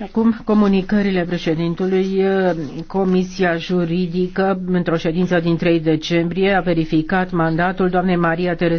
Acum comunicările președintului. Eh, Comisia juridică, într-o ședință din 3 decembrie, a verificat mandatul doamnei Maria Tereza.